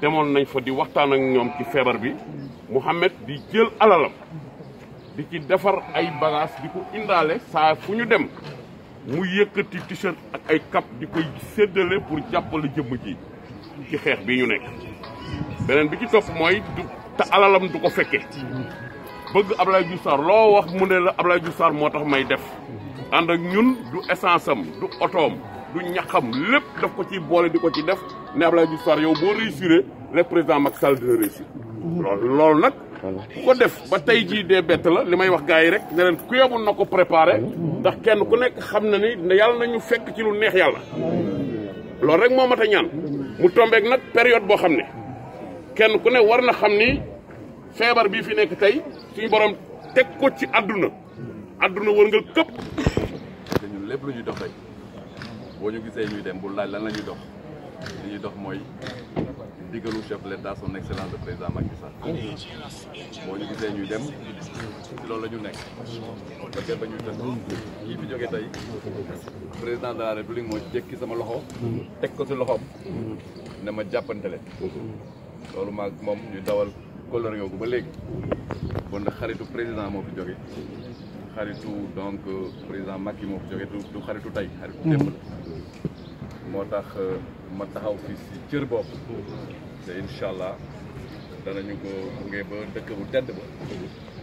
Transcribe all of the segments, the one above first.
demoon nañ fo di waxtaan ak ñoom ci feebar bi Mouhamed di jël alalam di ci defar ay bagage di ko indaale saa fu ñu dem mu yëkkati t-shirt ak ay cap di koy séddale pour jàppale jëmm ji ci xeex bi ñu nekk beneen bi ci topp mooy te alalam du ko fekke bëgg Ablaye Diouf loo wax mu ne la Ablaye Diouf Sarr moo tax may def ànd ak ñun du essence am du otoom du ñaxam lépp daf ko ci boole di ko ci def ne Abdoulaye Diouf Sarr yow boo réussir rek président Macky Sall dina lool loolu nag. ku ko def ba tey jii dee bett la li may wax gaa yi rek ne leen ku yebul na ko préparé. ndax kenn ku nekk xam na ni yàlla ñu fekk ci lu neex yàlla. loolu rek moo mat a ñaan mu tombeek nag période boo xam ne kenn ku ne war na xam ni feebar bii fi nekk tey suñu boroom teg ko ci àdduna àdduna wërngal këpp. te lépp lu ñuy dox tey boo ñu gisee ñuy dem bu laaj lan la ñuy dox. ciy dox mooy digalu chef de l'État son excellence le président Macky Sall boo ñu gisee ñuy dem ci loolu la ñu nekk fekkee ba ñuy tënk kii fi jógee moo jékki sama loxo teg ko si loxoom ne ma jàppantele loolu maag moom ñu dawal kóllëre yoogu ba léegi bon xaritu président moo fi jóge xaritu donc euh, président Macky moo fi jóge du xaritu tey xaritu démb moo tax euh, ma taxaw fi si cër boobu te incha allah danañu ko gunge ba dëkk bu tedd ba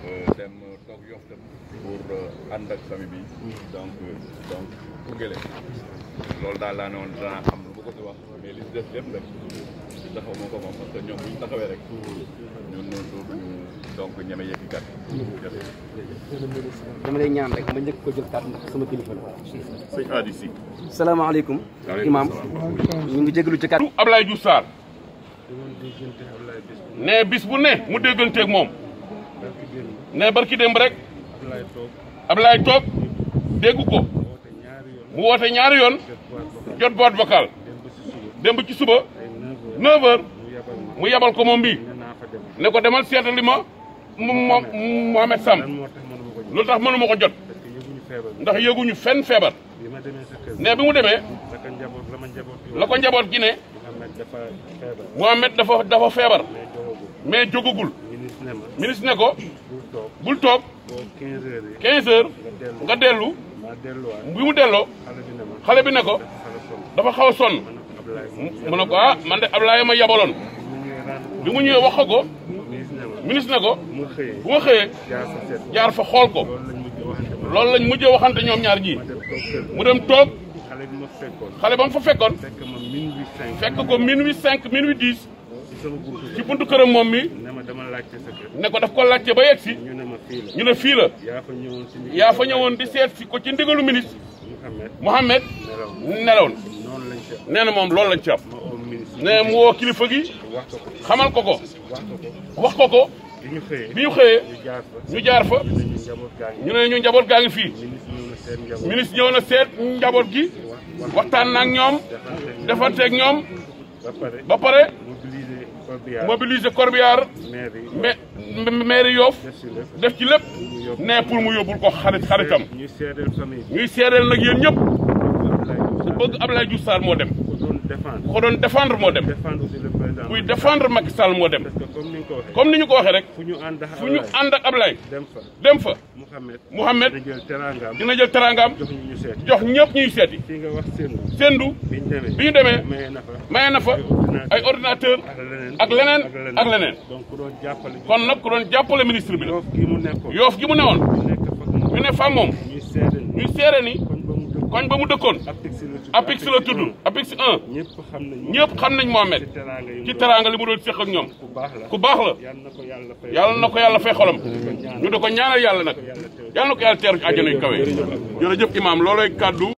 euh, dem toog yof tam pour euh, ànd ak famille bi donc donc gunge leen loolu daal laa ne woon danaa am lu ma ko si wax mais li si def lépp nag taxaw moo ko moom parce que ñoom bu ñu taxawee rek ñun noonu donc ñeme yëkki kat dama lay ñaan rek ma njëkk ko ndax sama kilifa la sëñ Adi Si salaamaaleykum imaam ñu ngi jégalu ci kàddu Ablaye Diouf Sarr ne bis bu ne mu dégganteeg moom ne barki démb rek Ablaye toog déggu ko mu woote ñaari yoon jot boîte dem démb ci suba 9 mu yabal ko moom bi ne ko demal seetali ma moom Mohamed Samb loolu tax mënu ma ko jot ndax yëguñu fenn feebar ne bi mu demee la ko njaboot ji ne Mohamed dafa dafa feebar mais jógagul ministre ne ko bul toog quinze heures nga dellu bi mu delloo xale bi ne ko dafa xaw a sonn mu ne ko ah man de Ablaye ma yabaloon bi mu ñëwee wax ko ministre na ko bu ma xëyee jaar fa xool ko loolu lañ mujjee waxante ñoom ñaar ñii mu dem toog xale ba mu fa fekkoon fekk ko minuit cinq minuit dix ci buntu këram moom mi ne ko def ko laajte ba yeg si ñu ne fii la yaa fa ñëwoon di seet si ko ci ndigalu ministre Mouhamed nelaw na nee na moom loolu lañ ci am nee mu woo kilifa gi xamal ko ko wax ko ko bi ñu xëyee ñu jaar fa ñu ne ñu njaboot gaa ngi fii ministre ñëw na seet njaboot gi waxtaan ak ñoom defanteeg ñoom ba pare mobiliser corbillard maire Yoff def ci lépp ne pour mu yóbbul ko xarit xaritam ñuy seedeel nag yéen ñëpp ku bëgg Abdoulaye Diouf Sarr moo dem ko doon défendre moo dem. kuy défendre Macky Sall moo dem. comme ni ñu ko waxee rek. fu ñu ànd ak Ablaye dem fa. Mouhamed dina jël teraangaam jox ñëpp ñuy seeti. sendu bi ñu demee maye na fa ay ordinateur ak leneen ak leneen. kon nag ku doon jàppale ministre bi la. yoof gi mu newoon ñu ne fa moom ñu koñ ba mu dëkkoon apix la tudd apix 1 ñëpp xam nañ Mohamed ci teraanga li mu doon séq ñoom ku baax la yàlla na ko yàlla fay xolam ñu da ko ñaanal yàlla nag yàlla na ko yàlla teeru ci àjjana yu kawe jërëjëf imaam looloy kàddu